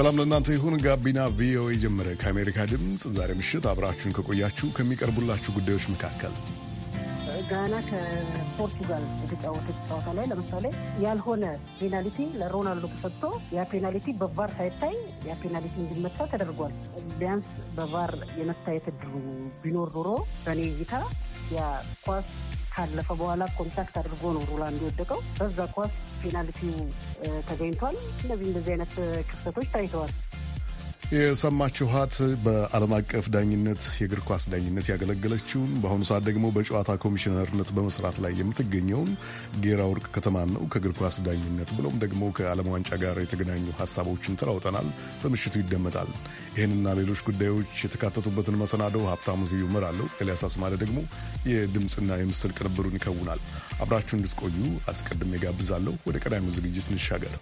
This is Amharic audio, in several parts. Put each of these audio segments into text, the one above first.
ሰላም ለእናንተ ይሁን። ጋቢና ቪኦኤ ጀመረ። ከአሜሪካ ድምፅ ዛሬ ምሽት አብራችሁን ከቆያችሁ ከሚቀርቡላችሁ ጉዳዮች መካከል ጋና ከፖርቱጋል የተጫወተች ጨዋታ ላይ ለምሳሌ ያልሆነ ፔናልቲ ለሮናልዶ ተሰጥቶ ያ ፔናልቲ በቫር ሳይታይ ያ ፔናልቲ እንዲመታ ተደርጓል። ቢያንስ በቫር የመታየት እድሉ ቢኖር ኖሮ በኔ እይታ ያ ኳስ ካለፈ በኋላ ኮንታክት አድርጎ ነው ሮላንዶ የወደቀው። በዛ ኳስ ፔናልቲው ተገኝቷል። እነዚህ እንደዚህ አይነት ክፍተቶች ታይተዋል። የሰማችኋት በዓለም አቀፍ ዳኝነት የእግር ኳስ ዳኝነት ያገለገለችውን በአሁኑ ሰዓት ደግሞ በጨዋታ ኮሚሽነርነት በመስራት ላይ የምትገኘውን ጌራ ወርቅ ከተማ ነው። ከእግር ኳስ ዳኝነት ብሎም ደግሞ ከዓለም ዋንጫ ጋር የተገናኙ ሀሳቦችን ተለዋውጠናል። በምሽቱ ይደመጣል። ይህንና ሌሎች ጉዳዮች የተካተቱበትን መሰናደው ሀብታሙ ዝዩ እመራለሁ። ኤልያስ አስማለ ደግሞ የድምፅና የምስል ቅንብሩን ይከውናል። አብራችሁ እንድትቆዩ አስቀድሜ ጋብዛለሁ። ወደ ቀዳሚው ዝግጅት እንሻገር።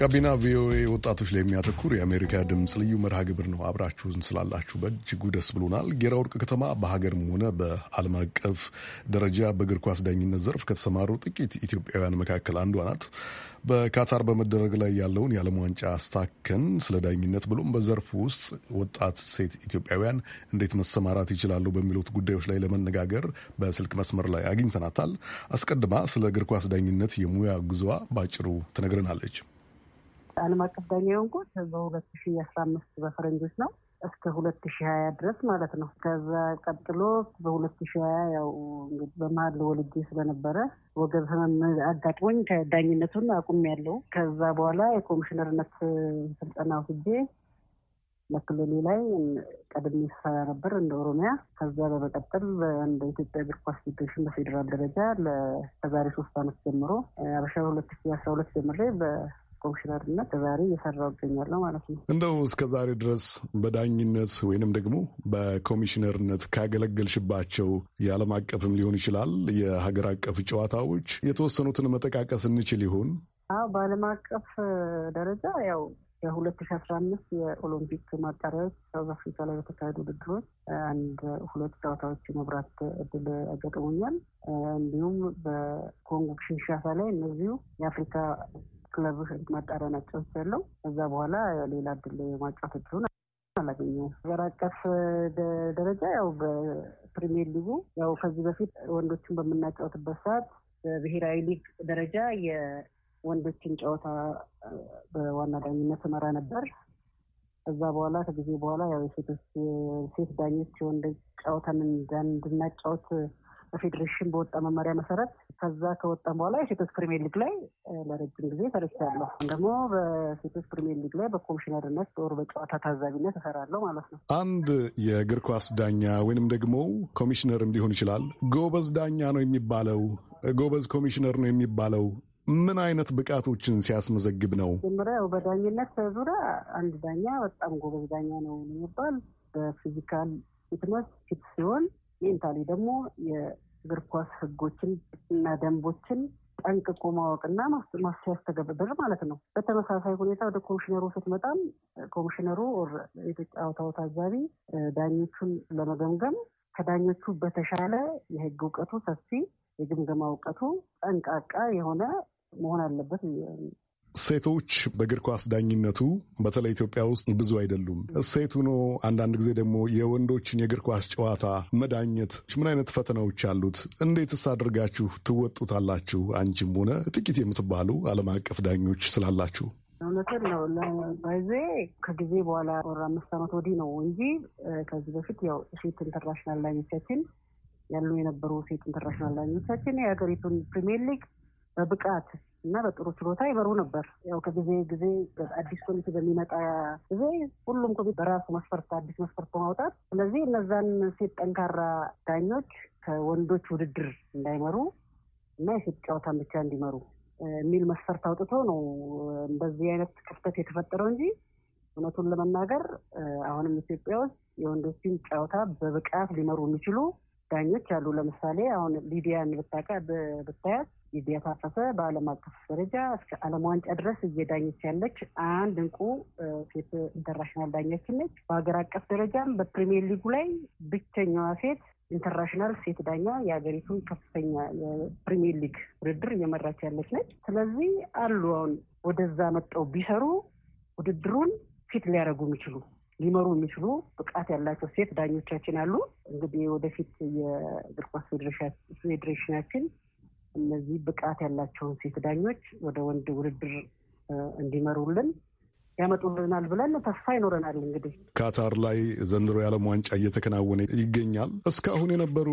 ጋቢና ቪኦኤ ወጣቶች ላይ የሚያተኩር የአሜሪካ ድምፅ ልዩ መርሃ ግብር ነው። አብራችሁን ስላላችሁ በእጅጉ ደስ ብሎናል። ጌራ ወርቅ ከተማ በሀገርም ሆነ በዓለም አቀፍ ደረጃ በእግር ኳስ ዳኝነት ዘርፍ ከተሰማሩ ጥቂት ኢትዮጵያውያን መካከል አንዷ ናት። በካታር በመደረግ ላይ ያለውን የዓለም ዋንጫ አስታከን ስለ ዳኝነት ብሎም በዘርፉ ውስጥ ወጣት ሴት ኢትዮጵያውያን እንዴት መሰማራት ይችላሉ በሚሉት ጉዳዮች ላይ ለመነጋገር በስልክ መስመር ላይ አግኝተናታል። አስቀድማ ስለ እግር ኳስ ዳኝነት የሙያ ጉዞዋ ባጭሩ ትነግረናለች። ዓለም አቀፍ ዳኛ የሆንኩት በሁለት ሺ አስራ አምስት በፈረንጆች ነው እስከ ሁለት ሺ ሀያ ድረስ ማለት ነው። ከዛ ቀጥሎ በሁለት ሺ ሀያ ያው እንግዲህ በመሀል ወልጄ ስለነበረ ወገብ ህመም አጋጥሞኝ አቁም ያለው ከዛ በኋላ የኮሚሽነርነት ስልጠና ወስጄ በክልሉ ላይ ቀድሜ ስሰራ ነበር እንደ ኦሮሚያ። ከዛ በመቀጠል እንደ ኢትዮጵያ እግር ኳስ ፌዴሬሽን በፌዴራል ደረጃ ከዛሬ ሶስት አመት ጀምሮ አበሻ ሁለት ሺ አስራ ሁለት ጀምሬ ኮሚሽነር እና ዛሬ እየሰራው ይገኛለሁ ማለት ነው። እንደው እስከ ዛሬ ድረስ በዳኝነት ወይንም ደግሞ በኮሚሽነርነት ካገለገልሽባቸው የዓለም አቀፍም ሊሆን ይችላል የሀገር አቀፍ ጨዋታዎች የተወሰኑትን መጠቃቀስ እንችል ይሆን? አዎ በዓለም አቀፍ ደረጃ ያው የሁለት ሺ አስራ አምስት የኦሎምፒክ ማጣሪያዎች ሳውዝ አፍሪካ ላይ በተካሄዱ ውድድሮች አንድ ሁለት ጨዋታዎች መብራት እድል አጋጥሞኛል። እንዲሁም በኮንጎ ኪንሻሳ ላይ እነዚሁ የአፍሪካ ክለብ ማጣሪያ ናቸው ውስጥ ያለው ከዛ በኋላ ሌላ ድል የማጫወት እድሉን አላገኘሁም። ሀገር አቀፍ ደረጃ ያው በፕሪሚየር ሊጉ ያው ከዚህ በፊት ወንዶችን በምናጫወትበት ሰዓት በብሔራዊ ሊግ ደረጃ የወንዶችን ጨዋታ በዋና ዳኝነት እመራ ነበር። ከዛ በኋላ ከጊዜ በኋላ ያው የሴቶች ሴት ዳኞች የወንዶች ጨዋታን እንድናጫወት በፌዴሬሽን በወጣ መመሪያ መሰረት ከዛ ከወጣ በኋላ የሴቶች ፕሪሚየር ሊግ ላይ ለረጅም ጊዜ ሰርቻለሁ። ደግሞ በሴቶች ፕሪሚየር ሊግ ላይ በኮሚሽነርነት ጦር በጨዋታ ታዛቢነት እሰራለሁ ማለት ነው። አንድ የእግር ኳስ ዳኛ ወይንም ደግሞ ኮሚሽነርም ሊሆን ይችላል ጎበዝ ዳኛ ነው የሚባለው፣ ጎበዝ ኮሚሽነር ነው የሚባለው ምን አይነት ብቃቶችን ሲያስመዘግብ ነው? መጀመሪያው በዳኝነት ዙሪያ አንድ ዳኛ በጣም ጎበዝ ዳኛ ነው የሚባል በፊዚካል ፊትነስ ፊት ሲሆን ሜንታሊ ደግሞ የእግር ኳስ ህጎችን እና ደንቦችን ጠንቅቆ ማወቅና ማስያስተገብር ማለት ነው። በተመሳሳይ ሁኔታ ወደ ኮሚሽነሩ ስትመጣም ኮሚሽነሩ የኢትዮጵያ ታዛቢ ዳኞቹን ለመገምገም ከዳኞቹ በተሻለ የህግ እውቀቱ ሰፊ የግምገማ እውቀቱ ጠንቃቃ የሆነ መሆን አለበት ሴቶች በእግር ኳስ ዳኝነቱ በተለይ ኢትዮጵያ ውስጥ ብዙ አይደሉም። ሴት ሆኖ አንዳንድ ጊዜ ደግሞ የወንዶችን የእግር ኳስ ጨዋታ መዳኘት ምን አይነት ፈተናዎች አሉት? እንዴትስ አድርጋችሁ ትወጡታላችሁ? አንቺም ሆነ ጥቂት የምትባሉ ዓለም አቀፍ ዳኞች ስላላችሁ። እውነትን ነው ባይዜ ከጊዜ በኋላ ወር አምስት ዓመት ወዲህ ነው እንጂ ከዚህ በፊት ያው ሴት ኢንተርናሽናል ዳኞቻችን ያሉ የነበሩ ሴት ኢንተርናሽናል ዳኞቻችን የሀገሪቱን ፕሪሚየር ሊግ በብቃት እና በጥሩ ችሎታ ይበሩ ነበር። ያው ከጊዜ ጊዜ አዲስ ኮሚቴ በሚመጣ ጊዜ ሁሉም ኮሚቴ በራሱ መስፈርት አዲስ መስፈርት በማውጣት ስለዚህ እነዛን ሴት ጠንካራ ዳኞች ከወንዶች ውድድር እንዳይመሩ እና የሴት ጨዋታን ብቻ እንዲመሩ የሚል መስፈርት አውጥቶ ነው እንደዚህ አይነት ክፍተት የተፈጠረው እንጂ እውነቱን ለመናገር አሁንም ኢትዮጵያ ውስጥ የወንዶችን ጨዋታ በብቃት ሊመሩ የሚችሉ ዳኞች አሉ። ለምሳሌ አሁን ሊዲያን ብታቃ ብታያት እየተፋፈሰ በአለም በዓለም አቀፍ ደረጃ እስከ ዓለም ዋንጫ ድረስ እየዳኘች ያለች አንድ እንቁ ሴት ኢንተርናሽናል ዳኛችን ነች። በሀገር አቀፍ ደረጃም በፕሪሚየር ሊጉ ላይ ብቸኛዋ ሴት ኢንተርናሽናል ሴት ዳኛ የሀገሪቱን ከፍተኛ የፕሪሚየር ሊግ ውድድር እየመራች ያለች ነች። ስለዚህ አሉ አሁን ወደዛ መጠው ቢሰሩ ውድድሩን ፊት ሊያደርጉ የሚችሉ ሊመሩ የሚችሉ ብቃት ያላቸው ሴት ዳኞቻችን አሉ። እንግዲህ ወደፊት የእግር ኳስ ፌዴሬሽናችን እነዚህ ብቃት ያላቸውን ሴት ዳኞች ወደ ወንድ ውድድር እንዲመሩልን ያመጡልናል ብለን ተስፋ ይኖረናል። እንግዲህ ካታር ላይ ዘንድሮ የዓለም ዋንጫ እየተከናወነ ይገኛል። እስካሁን የነበሩ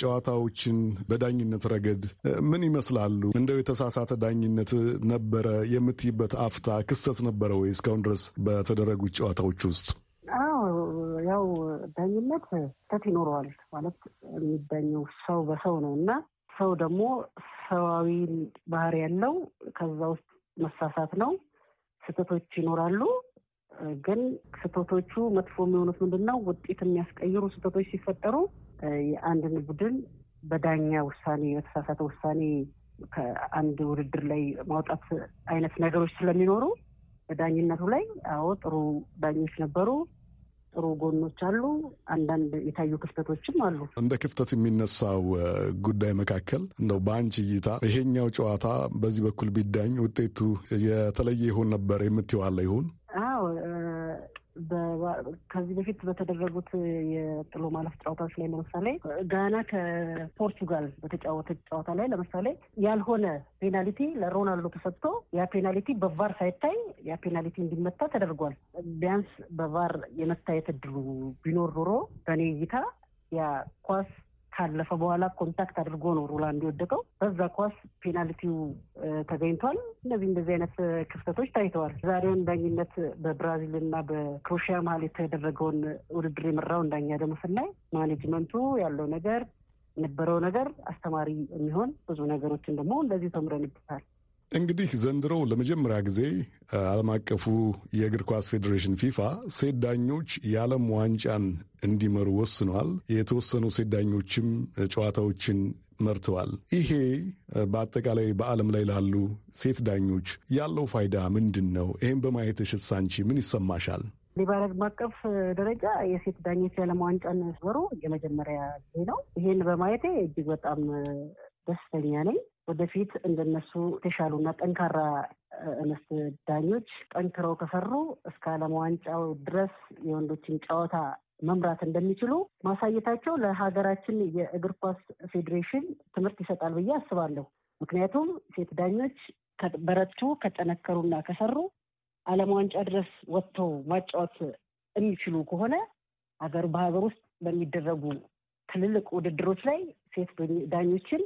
ጨዋታዎችን በዳኝነት ረገድ ምን ይመስላሉ? እንደው የተሳሳተ ዳኝነት ነበረ የምትይበት አፍታ ክስተት ነበረ ወይ እስካሁን ድረስ በተደረጉት ጨዋታዎች ውስጥ? አዎ ያው ዳኝነት ክስተት ይኖረዋል ማለት የሚዳኘው ሰው በሰው ነው እና ሰው ደግሞ ሰዋዊ ባህሪ ያለው ከዛ ውስጥ መሳሳት ነው። ስህተቶች ይኖራሉ። ግን ስህተቶቹ መጥፎ የሚሆኑት ምንድን ነው? ውጤት የሚያስቀይሩ ስህተቶች ሲፈጠሩ የአንድን ቡድን በዳኛ ውሳኔ በተሳሳተ ውሳኔ ከአንድ ውድድር ላይ ማውጣት አይነት ነገሮች ስለሚኖሩ በዳኝነቱ ላይ አዎ ጥሩ ዳኞች ነበሩ፣ ጥሩ ጎኖች አሉ። አንዳንድ የታዩ ክፍተቶችም አሉ። እንደ ክፍተት የሚነሳው ጉዳይ መካከል እንደው በአንቺ እይታ ይሄኛው ጨዋታ በዚህ በኩል ቢዳኝ ውጤቱ የተለየ ይሆን ነበር የምትዋለ ይሆን? ከዚህ በፊት በተደረጉት የጥሎ ማለፍ ጨዋታዎች ላይ ለምሳሌ ጋና ከፖርቱጋል በተጫወተች ጨዋታ ላይ ለምሳሌ ያልሆነ ፔናልቲ ለሮናልዶ ተሰጥቶ ያ ፔናልቲ በቫር ሳይታይ ያ ፔናልቲ እንዲመታ ተደርጓል። ቢያንስ በቫር የመታየት እድሉ ቢኖር ኖሮ በኔ እይታ ያ ኳስ ካለፈ በኋላ ኮንታክት አድርጎ ነው ሩላ የወደቀው። በዛ ኳስ ፔናልቲው ተገኝቷል። እነዚህ እንደዚህ አይነት ክፍተቶች ታይተዋል። ዛሬውን ዳኝነት በብራዚልና በክሮሽያ መሀል የተደረገውን ውድድር የመራውን ዳኛ ደግሞ ስናይ ማኔጅመንቱ ያለው ነገር የነበረው ነገር አስተማሪ የሚሆን ብዙ ነገሮችን ደግሞ እንደዚህ ተምረንበታል። እንግዲህ ዘንድሮ ለመጀመሪያ ጊዜ ዓለም አቀፉ የእግር ኳስ ፌዴሬሽን ፊፋ ሴት ዳኞች የዓለም ዋንጫን እንዲመሩ ወስኗል። የተወሰኑ ሴት ዳኞችም ጨዋታዎችን መርተዋል። ይሄ በአጠቃላይ በዓለም ላይ ላሉ ሴት ዳኞች ያለው ፋይዳ ምንድን ነው? ይህም በማየት አንቺ ምን ይሰማሻል? በዓለም አቀፍ ደረጃ የሴት ዳኞች የዓለም ዋንጫን ስበሩ የመጀመሪያ ጊዜ ነው። ይህን በማየቴ እጅግ በጣም ደስተኛ ነኝ። ወደፊት እንደነሱ የተሻሉና ጠንካራ እንስት ዳኞች ጠንክረው ከሰሩ እስከ ዓለም ዋንጫው ድረስ የወንዶችን ጨዋታ መምራት እንደሚችሉ ማሳየታቸው ለሀገራችን የእግር ኳስ ፌዴሬሽን ትምህርት ይሰጣል ብዬ አስባለሁ። ምክንያቱም ሴት ዳኞች በረቱ፣ ከጠነከሩና ከሰሩ ዓለም ዋንጫ ድረስ ወጥተው ማጫወት የሚችሉ ከሆነ ሀገር በሀገር ውስጥ በሚደረጉ ትልልቅ ውድድሮች ላይ ሴት ዳኞችን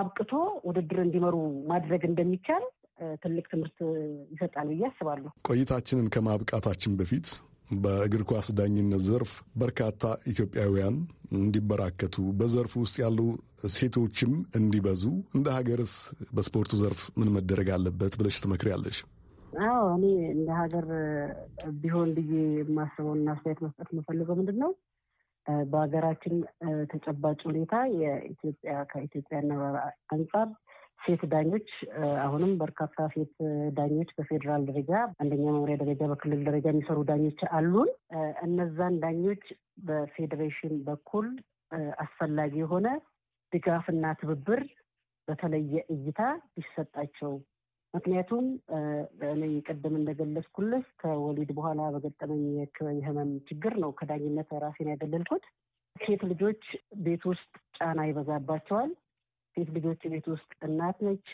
አብቅቶ ውድድር እንዲመሩ ማድረግ እንደሚቻል ትልቅ ትምህርት ይሰጣል ብዬ አስባለሁ። ቆይታችንን ከማብቃታችን በፊት በእግር ኳስ ዳኝነት ዘርፍ በርካታ ኢትዮጵያውያን እንዲበራከቱ በዘርፍ ውስጥ ያሉ ሴቶችም እንዲበዙ እንደ ሀገርስ በስፖርቱ ዘርፍ ምን መደረግ አለበት ብለሽ ትመክሪያለሽ? አዎ እኔ እንደ ሀገር ቢሆን ብዬ የማስበውና አስተያየት መስጠት የምፈልገው ምንድን ነው በሀገራችን ተጨባጭ ሁኔታ የኢትዮጵያ ከኢትዮጵያ አነባባ አንጻር ሴት ዳኞች አሁንም በርካታ ሴት ዳኞች በፌዴራል ደረጃ አንደኛ መምሪያ ደረጃ በክልል ደረጃ የሚሰሩ ዳኞች አሉን። እነዛን ዳኞች በፌዴሬሽን በኩል አስፈላጊ የሆነ ድጋፍና ትብብር በተለየ እይታ ይሰጣቸው። ምክንያቱም እኔ ቅድም እንደገለጽኩልህ ከወሊድ በኋላ በገጠመኝ የህመም ችግር ነው ከዳኝነት ራሴን ያገለልኩት። ሴት ልጆች ቤት ውስጥ ጫና ይበዛባቸዋል። ሴት ልጆች ቤት ውስጥ እናት ነች፣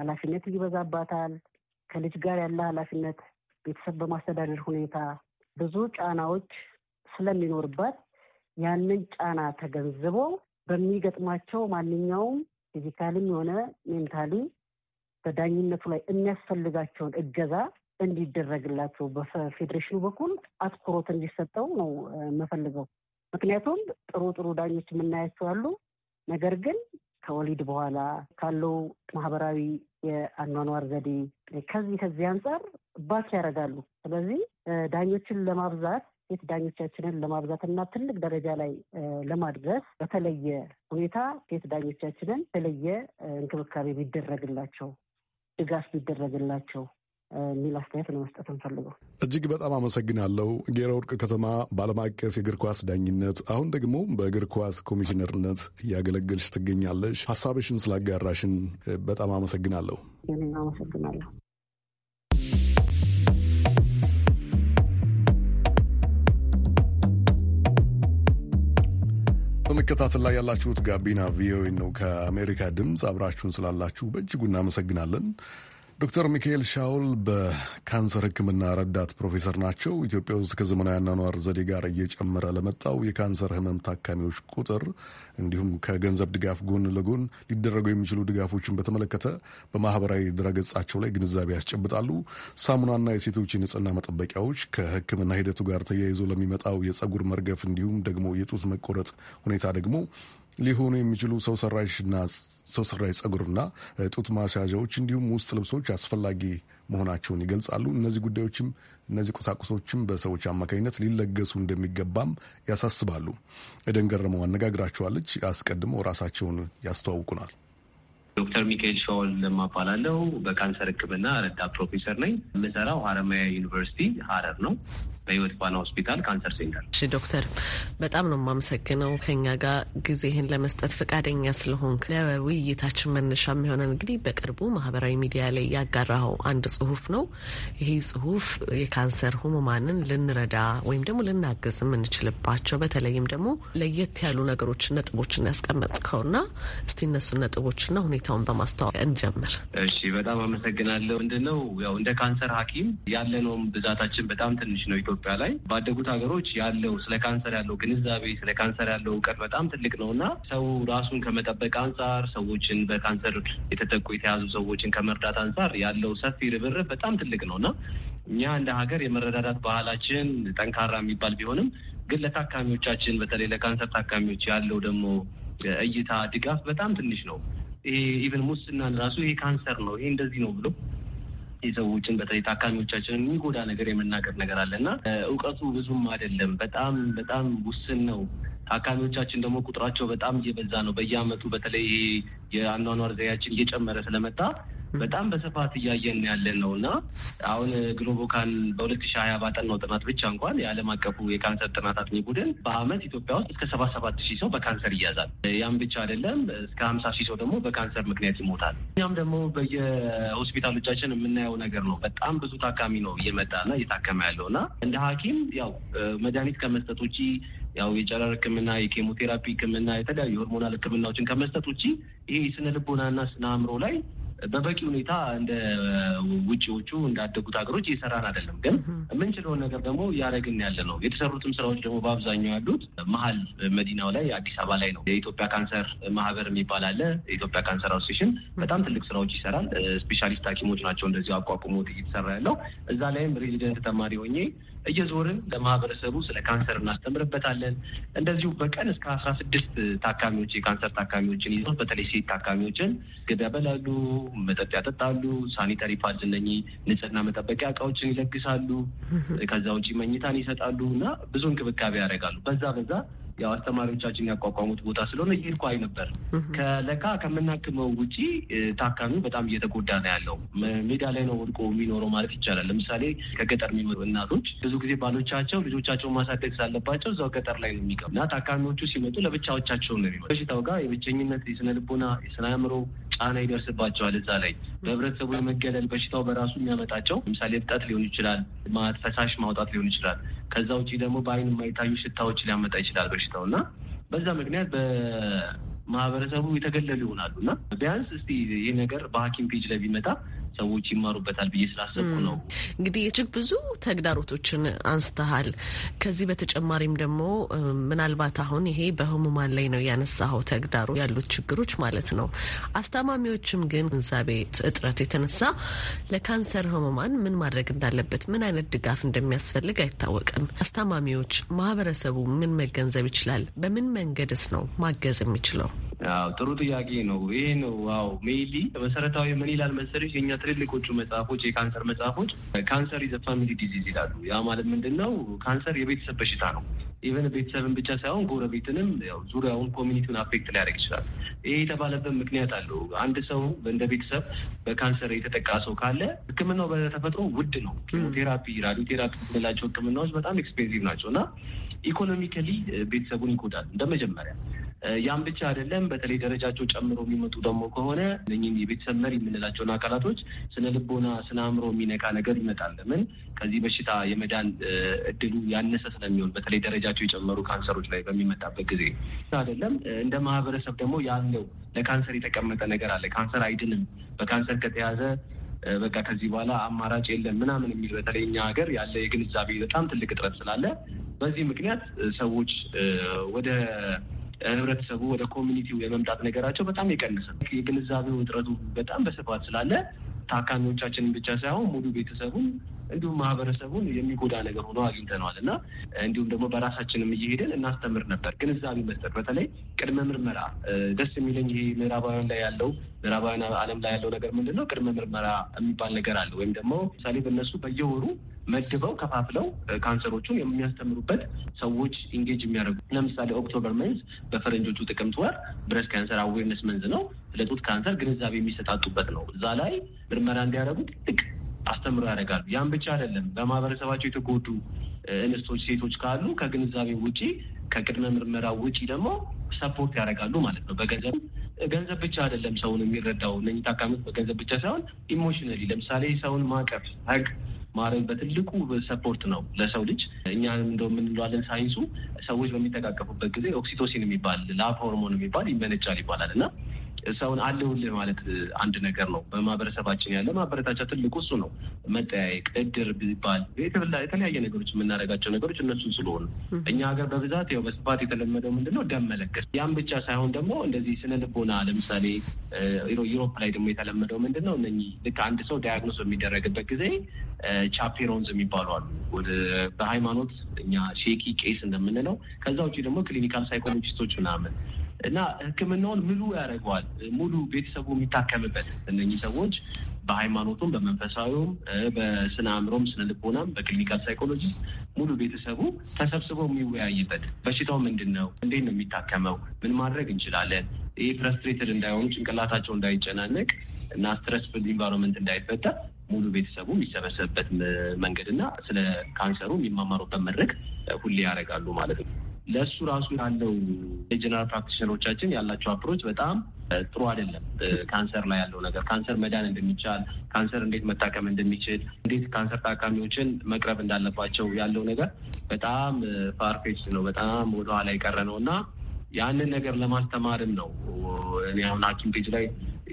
ኃላፊነት ይበዛባታል። ከልጅ ጋር ያለ ኃላፊነት፣ ቤተሰብ በማስተዳደር ሁኔታ ብዙ ጫናዎች ስለሚኖርባት ያንን ጫና ተገንዝቦ በሚገጥማቸው ማንኛውም ፊዚካልም የሆነ ሜንታሊ በዳኝነቱ ላይ የሚያስፈልጋቸውን እገዛ እንዲደረግላቸው በፌዴሬሽኑ በኩል አትኩሮት እንዲሰጠው ነው የምፈልገው። ምክንያቱም ጥሩ ጥሩ ዳኞች የምናያቸው አሉ። ነገር ግን ከወሊድ በኋላ ካለው ማህበራዊ የአኗኗር ዘዴ ከዚህ ከዚህ አንጻር ባክ ያደርጋሉ። ስለዚህ ዳኞችን ለማብዛት ሴት ዳኞቻችንን ለማብዛት እና ትልቅ ደረጃ ላይ ለማድረስ በተለየ ሁኔታ ሴት ዳኞቻችንን የተለየ እንክብካቤ ቢደረግላቸው ድጋፍ ቢደረግላቸው የሚል አስተያየት ለመስጠት እንፈልገው። እጅግ በጣም አመሰግናለሁ። ጌራ ወርቅ ከተማ በዓለም አቀፍ የእግር ኳስ ዳኝነት፣ አሁን ደግሞ በእግር ኳስ ኮሚሽነርነት እያገለገልሽ ትገኛለሽ። ሀሳብሽን ስላጋራሽን በጣም አመሰግናለሁ። አመሰግናለሁ። በመከታተል ላይ ያላችሁት ጋቢና ቪኦኤ ነው። ከአሜሪካ ድምፅ አብራችሁን ስላላችሁ በእጅጉ እናመሰግናለን። ዶክተር ሚካኤል ሻውል በካንሰር ሕክምና ረዳት ፕሮፌሰር ናቸው። ኢትዮጵያ ውስጥ ከዘመናዊ አኗኗር ዘዴ ጋር እየጨመረ ለመጣው የካንሰር ህመም ታካሚዎች ቁጥር እንዲሁም ከገንዘብ ድጋፍ ጎን ለጎን ሊደረጉ የሚችሉ ድጋፎችን በተመለከተ በማህበራዊ ድረገጻቸው ላይ ግንዛቤ ያስጨብጣሉ። ሳሙናና የሴቶች የንጽህና መጠበቂያዎች ከሕክምና ሂደቱ ጋር ተያይዞ ለሚመጣው የጸጉር መርገፍ እንዲሁም ደግሞ የጡት መቆረጥ ሁኔታ ደግሞ ሊሆኑ የሚችሉ ሰው ሰራሽና ሰው ሰራሽ ጸጉርና ጡት ማስያዣዎች እንዲሁም ውስጥ ልብሶች አስፈላጊ መሆናቸውን ይገልጻሉ። እነዚህ ጉዳዮችም እነዚህ ቁሳቁሶችም በሰዎች አማካኝነት ሊለገሱ እንደሚገባም ያሳስባሉ። ኤደን ገረመው አነጋግራቸዋለች። አስቀድመው ራሳቸውን ያስተዋውቁናል። ዶክተር ሚካኤል ሻወል ለማባላለው በካንሰር ሕክምና ረዳት ፕሮፌሰር ነኝ። የምሰራው ሀረማያ ዩኒቨርሲቲ ሀረር ነው። በህይወት ፋና ሆስፒታል ካንሰር ሴንተር። እሺ ዶክተር በጣም ነው የማመሰግነው ከኛ ጋር ጊዜህን ለመስጠት ፈቃደኛ ስለሆንክ። ለውይይታችን መነሻ የሚሆነን እንግዲህ በቅርቡ ማህበራዊ ሚዲያ ላይ ያጋራኸው አንድ ጽሁፍ ነው። ይህ ጽሁፍ የካንሰር ህሙማንን ልንረዳ ወይም ደግሞ ልናግዝ የምንችልባቸው በተለይም ደግሞ ለየት ያሉ ነገሮች ነጥቦችን ያስቀመጥከውና እስቲ እነሱን ነጥቦችና ሁኔታውን በማስተዋወቅ እንጀምር። እሺ በጣም አመሰግናለሁ። ምንድነው ያው እንደ ካንሰር ሐኪም ያለነውም ብዛታችን በጣም ትንሽ ነው ኢትዮጵያ ላይ ባደጉት ሀገሮች ያለው ስለ ካንሰር ያለው ግንዛቤ ስለ ካንሰር ያለው እውቀት በጣም ትልቅ ነው እና ሰው ራሱን ከመጠበቅ አንጻር ሰዎችን በካንሰር የተጠቁ የተያዙ ሰዎችን ከመርዳት አንጻር ያለው ሰፊ ርብርብ በጣም ትልቅ ነው እና እኛ እንደ ሀገር የመረዳዳት ባህላችን ጠንካራ የሚባል ቢሆንም ግን ለታካሚዎቻችን በተለይ ለካንሰር ታካሚዎች ያለው ደግሞ እይታ ድጋፍ በጣም ትንሽ ነው። ይሄ ኢቨን ሙስናን ራሱ ይሄ ካንሰር ነው ይሄ እንደዚህ ነው ብሎ የሰዎችን በተለይ ታካሚዎቻችን የሚጎዳ ነገር የመናገር ነገር አለ እና እውቀቱ ብዙም አይደለም። በጣም በጣም ውስን ነው። ታካሚዎቻችን ደግሞ ቁጥራቸው በጣም እየበዛ ነው። በየአመቱ በተለይ ይሄ የአኗኗር ዘያችን እየጨመረ ስለመጣ በጣም በስፋት እያየን ያለን ነው እና አሁን ግሎቦካን በሁለት ሺ ሀያ ባጠናው ጥናት ብቻ እንኳን የዓለም አቀፉ የካንሰር ጥናት አጥኚ ቡድን በአመት ኢትዮጵያ ውስጥ እስከ ሰባ ሰባት ሺህ ሰው በካንሰር ይያዛል። ያም ብቻ አይደለም፣ እስከ ሀምሳ ሺህ ሰው ደግሞ በካንሰር ምክንያት ይሞታል። እኛም ደግሞ በየሆስፒታሎቻችን የምናየው ነገር ነው። በጣም ብዙ ታካሚ ነው እየመጣና እየታከመ ያለው እና እንደ ሐኪም ያው መድኃኒት ከመስጠት ውጪ ያው የጨረር ህክምና የኬሞቴራፒ ህክምና የተለያዩ ሆርሞናል ህክምናዎችን ከመስጠት ውጭ ይሄ ስነ ልቦናና ስነ አእምሮ ላይ በበቂ ሁኔታ እንደ ውጭዎቹ እንዳደጉት ሀገሮች እየሰራን አይደለም። ግን የምንችለውን ነገር ደግሞ እያደረግን ያለ ነው። የተሰሩትም ስራዎች ደግሞ በአብዛኛው ያሉት መሀል መዲናው ላይ አዲስ አበባ ላይ ነው። የኢትዮጵያ ካንሰር ማህበር የሚባል አለ። የኢትዮጵያ ካንሰር አሶሴሽን በጣም ትልቅ ስራዎች ይሰራል። ስፔሻሊስት ሐኪሞች ናቸው እንደዚሁ አቋቁሞት እየተሰራ ያለው እዛ ላይም ሬዚደንት ተማሪ ሆኜ እየዞርን ለማህበረሰቡ ስለ ካንሰር እናስተምርበታለን። እንደዚሁ በቀን እስከ አስራ ስድስት ታካሚዎች የካንሰር ታካሚዎችን ይዘው በተለይ ሴት ታካሚዎችን ገበያ በላሉ መጠጥ ያጠጣሉ። ሳኒታሪ ፓድ እነ ንጽህና መጠበቂያ እቃዎችን ይለግሳሉ። ከዛ ውጭ መኝታን ይሰጣሉ እና ብዙ እንክብካቤ ያደርጋሉ። በዛ በዛ ያው አስተማሪዎቻችን ያቋቋሙት ቦታ ስለሆነ እየሄድኩ አይ ነበር። ከለካ ከምናክመው ውጪ ታካሚው በጣም እየተጎዳ ነው ያለው። ሜዳ ላይ ነው ወድቆ የሚኖረው ማለት ይቻላል። ለምሳሌ ከገጠር የሚመጡ እናቶች ብዙ ጊዜ ባሎቻቸው ልጆቻቸውን ማሳደግ ስላለባቸው እዛው ገጠር ላይ ነው የሚቀሩ እና ታካሚዎቹ ሲመጡ ለብቻዎቻቸው ነው የሚሆ በሽታው ጋር የብቸኝነት የስነ ልቦና የስነ አእምሮ ጫና ይደርስባቸዋል። እዛ ላይ በህብረተሰቡ የመገለል በሽታው በራሱ የሚያመጣቸው ለምሳሌ እብጠት ሊሆን ይችላል፣ ፈሳሽ ማውጣት ሊሆን ይችላል። ከዛ ውጭ ደግሞ በአይን የማይታዩ ሽታዎች ሊያመጣ ይችላል በሽታው እና በዛ ምክንያት በማህበረሰቡ የተገለሉ ይሆናሉ እና ቢያንስ እስቲ ይህ ነገር በሐኪም ፔጅ ላይ ቢመጣ ሰዎች ይማሩበታል ብዬ ስላሰብኩ ነው። እንግዲህ እጅግ ብዙ ተግዳሮቶችን አንስተሃል። ከዚህ በተጨማሪም ደግሞ ምናልባት አሁን ይሄ በህሙማን ላይ ነው ያነሳኸው ተግዳሮ ያሉት ችግሮች ማለት ነው። አስታማሚዎችም ግን ግንዛቤ እጥረት የተነሳ ለካንሰር ህሙማን ምን ማድረግ እንዳለበት፣ ምን አይነት ድጋፍ እንደሚያስፈልግ አይታወቅም። አስታማሚዎች፣ ማህበረሰቡ ምን መገንዘብ ይችላል? በምን መንገድስ ነው ማገዝ የሚችለው? ጥሩ ጥያቄ ነው። ይህ ነው ው ሜይሊ መሰረታዊ ምን ይላል መሰለሽ የኛ ትልልቆቹ መጽሐፎች የካንሰር መጽሐፎች ካንሰር ኢዝ ፋሚሊ ዲዚዝ ይላሉ። ያ ማለት ምንድን ነው? ካንሰር የቤተሰብ በሽታ ነው። ኢቨን ቤተሰብን ብቻ ሳይሆን ጎረቤትንም፣ ያው ዙሪያውን ኮሚኒቲውን አፌክት ሊያደርግ ይችላል። ይሄ የተባለበት ምክንያት አለው። አንድ ሰው እንደ ቤተሰብ በካንሰር የተጠቃ ሰው ካለ ሕክምናው በተፈጥሮ ውድ ነው። ቴራፒ፣ ራዲዮ ቴራፒ የምንላቸው ሕክምናዎች በጣም ኤክስፔንሲቭ ናቸው እና ኢኮኖሚካሊ ቤተሰቡን ይጎዳል እንደመጀመሪያ ያም ብቻ አይደለም። በተለይ ደረጃቸው ጨምሮ የሚመጡ ደግሞ ከሆነ እነኝም የቤተሰብ መሪ የምንላቸውን አካላቶች ስነ ልቦና፣ ስነ አእምሮ የሚነካ ነገር ይመጣል። ለምን ከዚህ በሽታ የመዳን እድሉ ያነሰ ስለሚሆን በተለይ ደረጃቸው የጨመሩ ካንሰሮች ላይ በሚመጣበት ጊዜ አይደለም። እንደ ማህበረሰብ ደግሞ ያለው ለካንሰር የተቀመጠ ነገር አለ። ካንሰር አይድንም፣ በካንሰር ከተያዘ በቃ ከዚህ በኋላ አማራጭ የለም ምናምን የሚል በተለይ እኛ ሀገር ያለ የግንዛቤ በጣም ትልቅ እጥረት ስላለ በዚህ ምክንያት ሰዎች ወደ ህብረተሰቡ ወደ ኮሚኒቲው የመምጣት ነገራቸው በጣም የቀነሰ ነው። የግንዛቤው በጣም በስፋት ስላለ ታካሚዎቻችንን ብቻ ሳይሆን ሙሉ ቤተሰቡን እንዲሁም ማህበረሰቡን የሚጎዳ ነገር ሆኖ አግኝተነዋል እና እንዲሁም ደግሞ በራሳችንም እየሄደን እናስተምር ነበር። ግንዛቤ መስጠት፣ በተለይ ቅድመ ምርመራ ደስ የሚለኝ ይሄ ምዕራባውያን ላይ ያለው ምዕራባውያን ዓለም ላይ ያለው ነገር ምንድን ነው? ቅድመ ምርመራ የሚባል ነገር አለ። ወይም ደግሞ ምሳሌ በእነሱ በየወሩ መድበው ከፋፍለው ካንሰሮቹን የሚያስተምሩበት ሰዎች ኢንጌጅ የሚያደርጉ ለምሳሌ ኦክቶበር መንዝ በፈረንጆቹ ጥቅምት ወር ብረስ ካንሰር አዌርነስ መንዝ ነው። ስለ ካንሰር ግንዛቤ የሚሰጣጡበት ነው። እዛ ላይ ምርመራ እንዲያደርጉ ትልቅ አስተምሮ ያደርጋሉ። ያን ብቻ አይደለም። በማህበረሰባቸው የተጎዱ እንስቶች፣ ሴቶች ካሉ ከግንዛቤ ውጪ ከቅድመ ምርመራ ውጪ ደግሞ ሰፖርት ያደርጋሉ ማለት ነው። በገንዘብ ገንዘብ ብቻ አይደለም ሰውን የሚረዳው እነኝህ ታካሚዎች በገንዘብ ብቻ ሳይሆን ኢሞሽናሊ፣ ለምሳሌ ሰውን ማቀፍ ሀቅ ማረግ በትልቁ ሰፖርት ነው ለሰው ልጅ። እኛ እንደው የምንለዋለን ሳይንሱ ሰዎች በሚጠቃቀፉበት ጊዜ ኦክሲቶሲን የሚባል ላፕ ሆርሞን የሚባል ይመነጫል ይባላል እና ሰውን አለሁልህ ማለት አንድ ነገር ነው። በማህበረሰባችን ያለ ማበረታቻ ትልቁ እሱ ነው። መጠያየቅ፣ እድር ቢባል የተለያየ ነገሮች የምናደርጋቸው ነገሮች እነሱ ስለሆኑ እኛ ሀገር በብዛት ያው በስፋት የተለመደው ምንድነው ደም መለገስ። ያም ብቻ ሳይሆን ደግሞ እንደዚህ ስነ ልቦና ለምሳሌ ዩሮፕ ላይ ደግሞ የተለመደው ምንድነው እነኚህ ልክ አንድ ሰው ዳያግኖስ በሚደረግበት ጊዜ ቻፔሮንዝ የሚባሉ አሉ። በሃይማኖት እኛ ሼኪ ቄስ እንደምንለው ከዛ ውጭ ደግሞ ክሊኒካል ሳይኮሎጂስቶች ምናምን እና ህክምናውን ሙሉ ያደርገዋል። ሙሉ ቤተሰቡ የሚታከምበት እነኚህ ሰዎች በሃይማኖቱም፣ በመንፈሳዊውም፣ በስነ አእምሮም፣ ስነ ልቦናም፣ በክሊኒካል ሳይኮሎጂ ሙሉ ቤተሰቡ ተሰብስበው የሚወያይበት በሽታው ምንድን ነው፣ እንዴት ነው የሚታከመው፣ ምን ማድረግ እንችላለን፣ ይህ ፍረስትሬትድ እንዳይሆኑ፣ ጭንቅላታቸው እንዳይጨናነቅ እና ፍል ኢንቫይሮንመንት እንዳይፈጠር ሙሉ ቤተሰቡ የሚሰበሰብበት መንገድ እና ስለ ካንሰሩ የሚማማሩበት መድረክ ሁሌ ያደርጋሉ ማለት ነው። ለእሱ ራሱ ያለው የጀነራል ፕራክቲሽነሮቻችን ያላቸው አፕሮች በጣም ጥሩ አይደለም። ካንሰር ላይ ያለው ነገር ካንሰር መዳን እንደሚቻል፣ ካንሰር እንዴት መታከም እንደሚችል፣ እንዴት ካንሰር ታካሚዎችን መቅረብ እንዳለባቸው ያለው ነገር በጣም ፋርፌች ነው፣ በጣም ወደኋላ የቀረ ነው እና ያንን ነገር ለማስተማርም ነው እኔ አሁን ሐኪም ፔጅ ላይ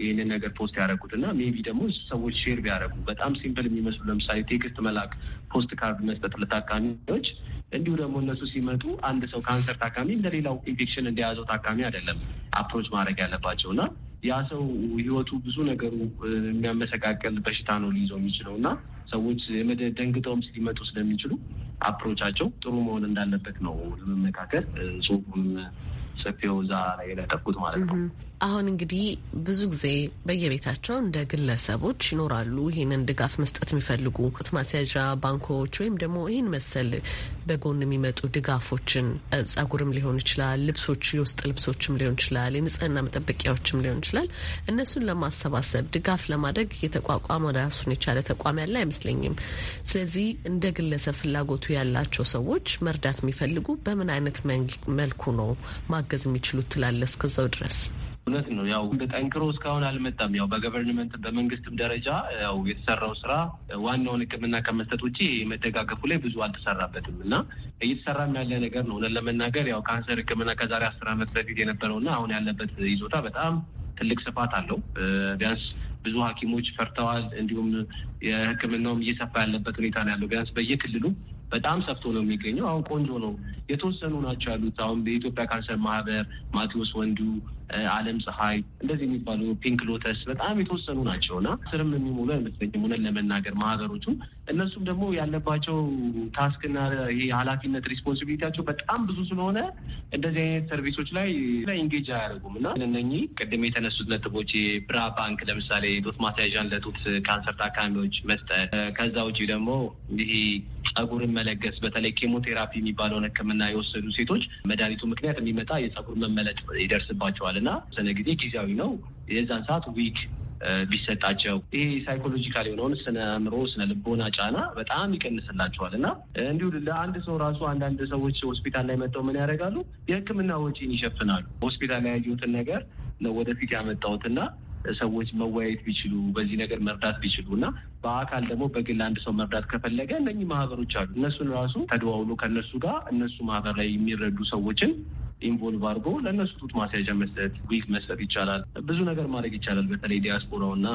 ይህንን ነገር ፖስት ያደረጉት እና ሜቢ ደግሞ ሰዎች ሼር ቢያደረጉ በጣም ሲምፕል የሚመስሉ ለምሳሌ ቴክስት መላክ፣ ፖስት ካርድ መስጠት ለታካሚዎች እንዲሁ ደግሞ እነሱ ሲመጡ አንድ ሰው ካንሰር ታካሚ እንደሌላው ኢንፌክሽን እንደያዘው ታካሚ አይደለም አፕሮች ማድረግ ያለባቸው እና ያ ሰው ህይወቱ ብዙ ነገሩ የሚያመሰቃቀል በሽታ ነው ሊይዘው የሚችለው እና ሰዎች ደንግጠውም ሊመጡ ስለሚችሉ አፕሮቻቸው ጥሩ መሆን እንዳለበት ነው ለመመካከል ጽሁፉም ጽፌው እዛ ላይ የለጠፍኩት ማለት ነው። አሁን እንግዲህ ብዙ ጊዜ በየቤታቸው እንደ ግለሰቦች ይኖራሉ ይህንን ድጋፍ መስጠት የሚፈልጉ ማስያዣ ባንኮች ወይም ደግሞ ይህን መሰል በጎን የሚመጡ ድጋፎችን ጸጉርም ሊሆን ይችላል፣ ልብሶች፣ የውስጥ ልብሶችም ሊሆን ይችላል፣ የንጽህና መጠበቂያዎችም ሊሆን ይችላል። እነሱን ለማሰባሰብ ድጋፍ ለማድረግ የተቋቋመ ራሱን የቻለ ተቋም ያለ አይመስለኝም። ስለዚህ እንደ ግለሰብ ፍላጎቱ ያላቸው ሰዎች መርዳት የሚፈልጉ በምን አይነት መልኩ ነው ማገዝ የሚችሉት ትላለ? እስከዛው ድረስ እውነት ነው። ያው ጠንክሮ እስካሁን አልመጣም። ያው በገቨርንመንት በመንግስትም ደረጃ ያው የተሰራው ስራ ዋናውን ሕክምና ከመስጠት ውጭ መደጋገፉ ላይ ብዙ አልተሰራበትም እና እየተሰራም ያለ ነገር ነው። እውነት ለመናገር ያው ካንሰር ሕክምና ከዛሬ አስር ዓመት በፊት የነበረውና አሁን ያለበት ይዞታ በጣም ትልቅ ስፋት አለው። ቢያንስ ብዙ ሐኪሞች ፈርተዋል። እንዲሁም የሕክምናውም እየሰፋ ያለበት ሁኔታ ነው ያለው ቢያንስ በየክልሉ በጣም ሰፍቶ ነው የሚገኘው። አሁን ቆንጆ ነው። የተወሰኑ ናቸው ያሉት። አሁን በኢትዮጵያ ካንሰር ማህበር ማቴዎስ ወንዱ፣ አለም ፀሐይ እንደዚህ የሚባሉ ፒንክ ሎተስ በጣም የተወሰኑ ናቸው እና ስርም የሚሞሉ አይመስለኝም ሆነን ለመናገር ማህበሮቹ። እነሱም ደግሞ ያለባቸው ታስክና ይሄ ኃላፊነት ሪስፖንሲቢሊቲያቸው በጣም ብዙ ስለሆነ እንደዚህ አይነት ሰርቪሶች ላይ ኢንጌጅ አያደርጉም እና እነኚህ ቅድም የተነሱት ነጥቦች ብራ ባንክ ለምሳሌ ጡት ማስያዣን ለጡት ካንሰር ታካሚዎች መስጠት ከዛ ውጪ ደግሞ ይሄ ጸጉርን መለገስ በተለይ ኬሞቴራፒ የሚባለውን ሕክምና የወሰዱ ሴቶች መድኃኒቱ ምክንያት የሚመጣ የጸጉር መመለጥ ይደርስባቸዋል እና ስነ ጊዜ ጊዜያዊ ነው። የዛን ሰዓት ዊግ ቢሰጣቸው ይሄ ሳይኮሎጂካል የሆነውን ስነ አእምሮ፣ ስነ ልቦና ጫና በጣም ይቀንስላቸዋል እና እንዲሁ ለአንድ ሰው ራሱ አንዳንድ ሰዎች ሆስፒታል ላይ መጥተው ምን ያደርጋሉ? የህክምና ወጪን ይሸፍናሉ። ሆስፒታል ላይ ያየሁትን ነገር ነው ወደፊት ያመጣውትና? ሰዎች መወያየት ቢችሉ በዚህ ነገር መርዳት ቢችሉ እና በአካል ደግሞ በግል አንድ ሰው መርዳት ከፈለገ እነኚህ ማህበሮች አሉ። እነሱን ራሱ ተደዋውሎ ከእነሱ ጋር እነሱ ማህበር ላይ የሚረዱ ሰዎችን ኢንቮልቭ አድርጎ ለእነሱ ጡት ማስያዣ መስጠት፣ ዊግ መስጠት ይቻላል። ብዙ ነገር ማድረግ ይቻላል። በተለይ ዲያስፖራው እና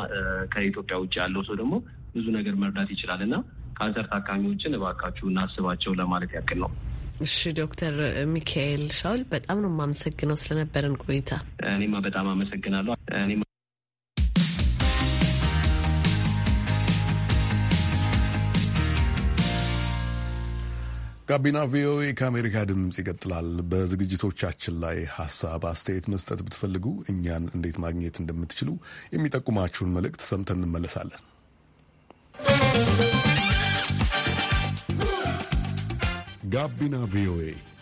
ከኢትዮጵያ ውጭ ያለው ሰው ደግሞ ብዙ ነገር መርዳት ይችላል እና ካንሰር ታካሚዎችን እባካችሁ እናስባቸው ለማለት ያክል ነው። እሺ ዶክተር ሚካኤል ሻውል በጣም ነው የማመሰግነው ስለነበረን ቆይታ። እኔማ በጣም አመሰግናለሁ። ጋቢና ቪኦኤ ከአሜሪካ ድምፅ ይቀጥላል። በዝግጅቶቻችን ላይ ሀሳብ አስተያየት መስጠት ብትፈልጉ እኛን እንዴት ማግኘት እንደምትችሉ የሚጠቁማችሁን መልእክት ሰምተን እንመለሳለን። ጋቢና ቪኦኤ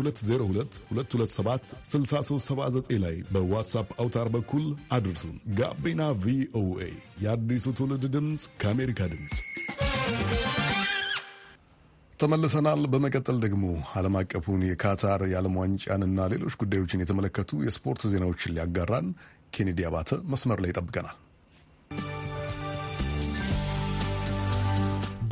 2022276379 ላይ በዋትሳፕ አውታር በኩል አድርሱን። ጋቢና ቪኦኤ የአዲሱ ትውልድ ድምፅ ከአሜሪካ ድምፅ ተመልሰናል። በመቀጠል ደግሞ ዓለም አቀፉን የካታር የዓለም ዋንጫንና ሌሎች ጉዳዮችን የተመለከቱ የስፖርት ዜናዎችን ሊያጋራን ኬኔዲ አባተ መስመር ላይ ይጠብቀናል።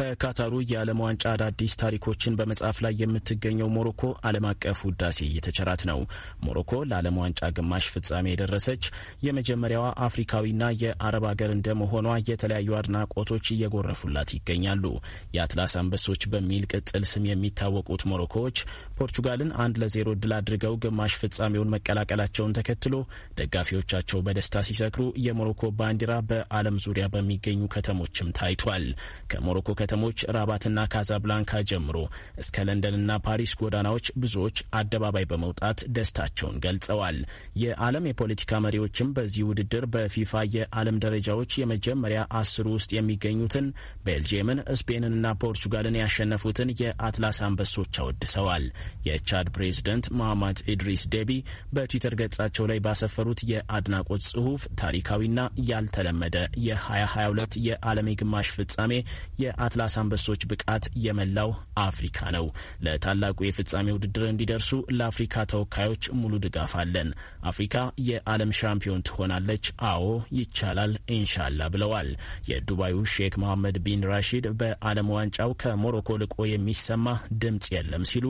በካታሩ የዓለም ዋንጫ አዳዲስ ታሪኮችን በመጻፍ ላይ የምትገኘው ሞሮኮ ዓለም አቀፍ ውዳሴ እየተቸራት ነው። ሞሮኮ ለዓለም ዋንጫ ግማሽ ፍጻሜ የደረሰች የመጀመሪያዋ አፍሪካዊና የአረብ ሀገር እንደመሆኗ የተለያዩ አድናቆቶች እየጎረፉላት ይገኛሉ። የአትላስ አንበሶች በሚል ቅጽል ስም የሚታወቁት ሞሮኮዎች ፖርቹጋልን አንድ ለዜሮ ድል አድርገው ግማሽ ፍጻሜውን መቀላቀላቸውን ተከትሎ ደጋፊዎቻቸው በደስታ ሲሰክሩ የሞሮኮ ባንዲራ በዓለም ዙሪያ በሚገኙ ከተሞችም ታይቷል። ከሞሮኮ ከተሞች ራባትና ካዛብላንካ ጀምሮ እስከ ለንደንና ፓሪስ ጎዳናዎች ብዙዎች አደባባይ በመውጣት ደስታቸውን ገልጸዋል። የዓለም የፖለቲካ መሪዎችም በዚህ ውድድር በፊፋ የዓለም ደረጃዎች የመጀመሪያ አስሩ ውስጥ የሚገኙትን ቤልጅየምን፣ ስፔንንና ፖርቹጋልን ያሸነፉትን የአትላስ አንበሶች አወድሰዋል። የቻድ ፕሬዝደንት መሐማድ ኢድሪስ ዴቢ በትዊተር ገጻቸው ላይ ባሰፈሩት የአድናቆት ጽሑፍ ታሪካዊና ያልተለመደ የ2022 የዓለም የግማሽ ፍጻሜ የአትላ ለስላሳ አንበሶች ብቃት የመላው አፍሪካ ነው። ለታላቁ የፍጻሜ ውድድር እንዲደርሱ ለአፍሪካ ተወካዮች ሙሉ ድጋፍ አለን። አፍሪካ የዓለም ሻምፒዮን ትሆናለች። አዎ ይቻላል፣ ኢንሻላ ብለዋል። የዱባዩ ሼክ መሐመድ ቢን ራሺድ በዓለም ዋንጫው ከሞሮኮ ልቆ የሚሰማ ድምጽ የለም ሲሉ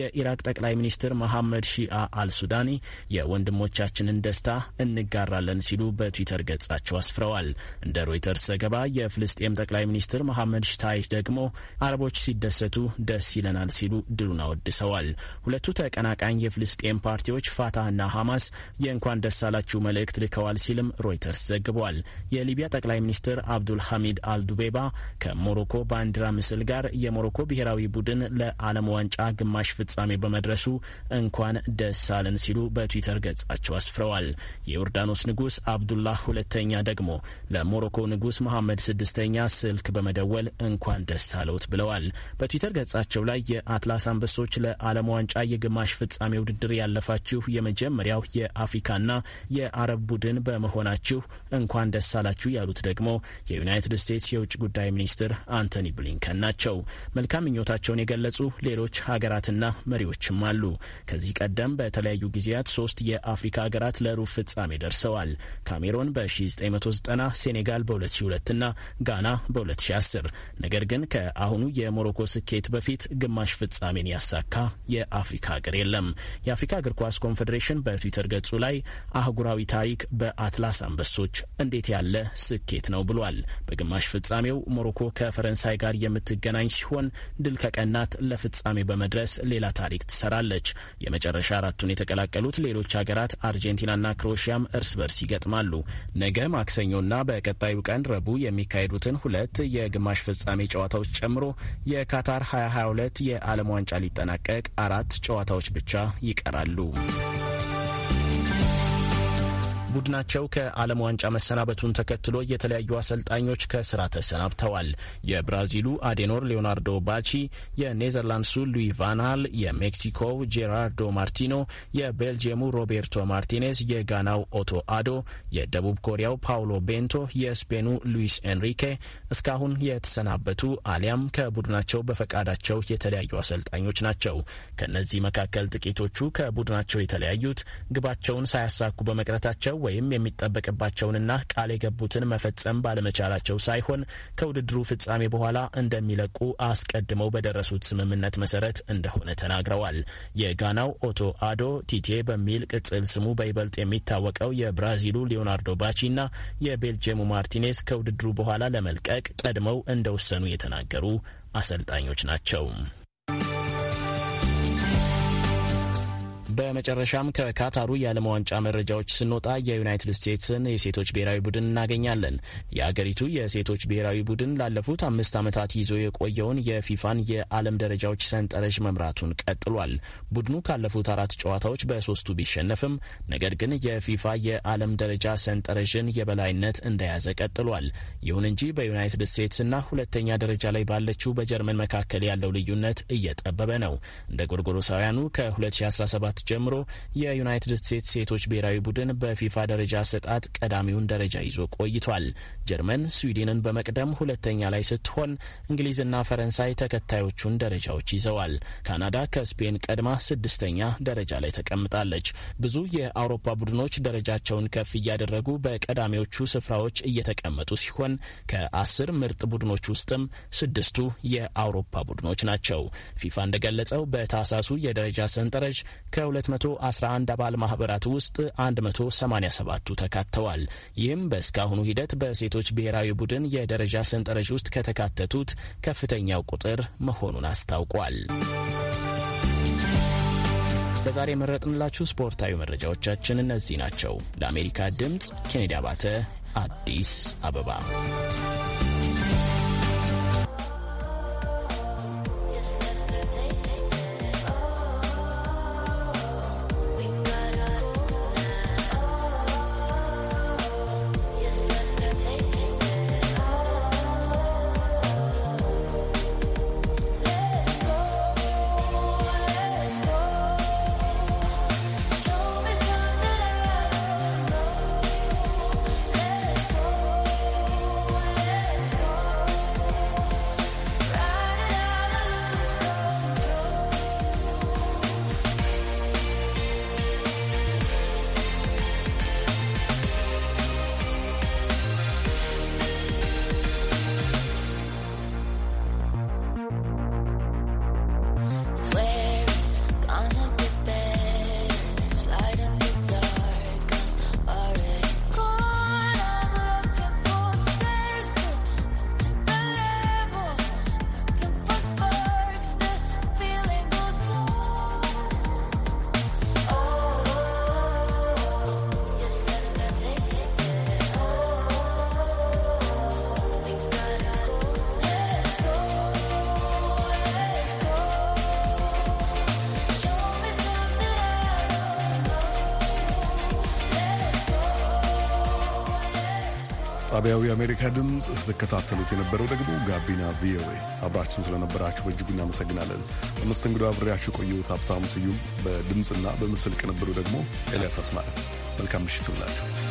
የኢራቅ ጠቅላይ ሚኒስትር መሐመድ ሺአ አልሱዳኒ የወንድሞቻችንን ደስታ እንጋራለን ሲሉ በትዊተር ገጻቸው አስፍረዋል። እንደ ሮይተርስ ዘገባ የፍልስጤም ጠቅላይ ሚኒስትር መሐመድ ሽታ ሳይት ደግሞ አረቦች ሲደሰቱ ደስ ይለናል ሲሉ ድሉን አወድሰዋል። ሁለቱ ተቀናቃኝ የፍልስጤም ፓርቲዎች ፋታህና ሐማስ የእንኳን ደስ አላችሁ መልእክት ልከዋል ሲልም ሮይተርስ ዘግቧል። የሊቢያ ጠቅላይ ሚኒስትር አብዱል ሐሚድ አልዱቤባ ከሞሮኮ ባንዲራ ምስል ጋር የሞሮኮ ብሔራዊ ቡድን ለዓለም ዋንጫ ግማሽ ፍጻሜ በመድረሱ እንኳን ደስ አለን ሲሉ በትዊተር ገጻቸው አስፍረዋል። የዮርዳኖስ ንጉስ አብዱላህ ሁለተኛ ደግሞ ለሞሮኮ ንጉሥ መሐመድ ስድስተኛ ስልክ በመደወል እንኳን ደስ አለዎት ብለዋል። በትዊተር ገጻቸው ላይ የአትላስ አንበሶች ለዓለም ዋንጫ የግማሽ ፍጻሜ ውድድር ያለፋችሁ የመጀመሪያው የአፍሪካና የአረብ ቡድን በመሆናችሁ እንኳን ደስ አላችሁ ያሉት ደግሞ የዩናይትድ ስቴትስ የውጭ ጉዳይ ሚኒስትር አንቶኒ ብሊንከን ናቸው። መልካም ምኞታቸውን የገለጹ ሌሎች ሀገራትና መሪዎችም አሉ። ከዚህ ቀደም በተለያዩ ጊዜያት ሶስት የአፍሪካ ሀገራት ለሩብ ፍጻሜ ደርሰዋል። ካሜሮን በ1990፣ ሴኔጋል በ2002ና ጋና በ2010 ነገር ግን ከአሁኑ የሞሮኮ ስኬት በፊት ግማሽ ፍጻሜን ያሳካ የአፍሪካ ሀገር የለም። የአፍሪካ እግር ኳስ ኮንፌዴሬሽን በትዊተር ገጹ ላይ አህጉራዊ ታሪክ በአትላስ አንበሶች እንዴት ያለ ስኬት ነው ብሏል። በግማሽ ፍጻሜው ሞሮኮ ከፈረንሳይ ጋር የምትገናኝ ሲሆን ድል ከቀናት ለፍጻሜ በመድረስ ሌላ ታሪክ ትሰራለች። የመጨረሻ አራቱን የተቀላቀሉት ሌሎች ሀገራት አርጀንቲናና ክሮኤሽያም እርስ በርስ ይገጥማሉ። ነገ ማክሰኞና በቀጣዩ ቀን ረቡዕ የሚካሄዱትን ሁለት የግማሽ ፍጻሜ የፍጻሜ ጨዋታዎች ጨምሮ የካታር 2022 የዓለም ዋንጫ ሊጠናቀቅ አራት ጨዋታዎች ብቻ ይቀራሉ። ቡድናቸው ከዓለም ዋንጫ መሰናበቱን ተከትሎ የተለያዩ አሰልጣኞች ከስራ ተሰናብተዋል። የብራዚሉ አዴኖር ሌዮናርዶ ባቺ፣ የኔዘርላንድሱ ሉዊ ቫናል፣ የሜክሲኮው ጄራርዶ ማርቲኖ፣ የቤልጅየሙ ሮቤርቶ ማርቲኔዝ፣ የጋናው ኦቶ አዶ፣ የደቡብ ኮሪያው ፓውሎ ቤንቶ፣ የስፔኑ ሉዊስ ኤንሪኬ እስካሁን የተሰናበቱ አሊያም ከቡድናቸው በፈቃዳቸው የተለያዩ አሰልጣኞች ናቸው። ከእነዚህ መካከል ጥቂቶቹ ከቡድናቸው የተለያዩት ግባቸውን ሳያሳኩ በመቅረታቸው ወይም የሚጠበቅባቸውንና ቃል የገቡትን መፈጸም ባለመቻላቸው ሳይሆን ከውድድሩ ፍጻሜ በኋላ እንደሚለቁ አስቀድመው በደረሱት ስምምነት መሰረት እንደሆነ ተናግረዋል። የጋናው ኦቶ አዶ ቲቴ በሚል ቅጽል ስሙ በይበልጥ የሚታወቀው የብራዚሉ ሊዮናርዶ ባቺ እና የቤልጅየሙ ማርቲኔስ ከውድድሩ በኋላ ለመልቀቅ ቀድመው እንደወሰኑ የተናገሩ አሰልጣኞች ናቸው። በመጨረሻም ከካታሩ የዓለም ዋንጫ መረጃዎች ስንወጣ የዩናይትድ ስቴትስን የሴቶች ብሔራዊ ቡድን እናገኛለን። የአገሪቱ የሴቶች ብሔራዊ ቡድን ላለፉት አምስት ዓመታት ይዞ የቆየውን የፊፋን የዓለም ደረጃዎች ሰንጠረዥ መምራቱን ቀጥሏል። ቡድኑ ካለፉት አራት ጨዋታዎች በሶስቱ ቢሸነፍም ነገር ግን የፊፋ የዓለም ደረጃ ሰንጠረዥን የበላይነት እንደያዘ ቀጥሏል። ይሁን እንጂ በዩናይትድ ስቴትስና ሁለተኛ ደረጃ ላይ ባለችው በጀርመን መካከል ያለው ልዩነት እየጠበበ ነው። እንደ ጎርጎሮሳውያኑ ከ2017 ጀምሮ የዩናይትድ ስቴትስ ሴቶች ብሔራዊ ቡድን በፊፋ ደረጃ አሰጣጥ ቀዳሚውን ደረጃ ይዞ ቆይቷል። ጀርመን ስዊድንን በመቅደም ሁለተኛ ላይ ስትሆን እንግሊዝና ፈረንሳይ ተከታዮቹን ደረጃዎች ይዘዋል። ካናዳ ከስፔን ቀድማ ስድስተኛ ደረጃ ላይ ተቀምጣለች። ብዙ የአውሮፓ ቡድኖች ደረጃቸውን ከፍ እያደረጉ በቀዳሚዎቹ ስፍራዎች እየተቀመጡ ሲሆን ከአስር ምርጥ ቡድኖች ውስጥም ስድስቱ የአውሮፓ ቡድኖች ናቸው። ፊፋ እንደገለጸው በታህሳሱ የደረጃ ሰንጠረዥ ከ 211 አባል ማህበራት ውስጥ 187ቱ ተካተዋል። ይህም በእስካሁኑ ሂደት በሴቶች ብሔራዊ ቡድን የደረጃ ሰንጠረዥ ውስጥ ከተካተቱት ከፍተኛው ቁጥር መሆኑን አስታውቋል። በዛሬ የመረጥንላችሁ ስፖርታዊ መረጃዎቻችን እነዚህ ናቸው። ለአሜሪካ ድምፅ ኬኔዲ አባተ አዲስ አበባ ከጣቢያው የአሜሪካ ድምፅ ስትከታተሉት የነበረው ደግሞ ጋቢና ቪኦኤ። አብራችሁን ስለነበራችሁ በእጅጉ እናመሰግናለን። በመስተንግዶ አብሬያችሁ የቆየሁት ሀብታሙ ስዩም፣ በድምፅና በምስል ቅንብሩ ደግሞ ኤልያስ አስማረ። መልካም ምሽት ይሁንላችሁ።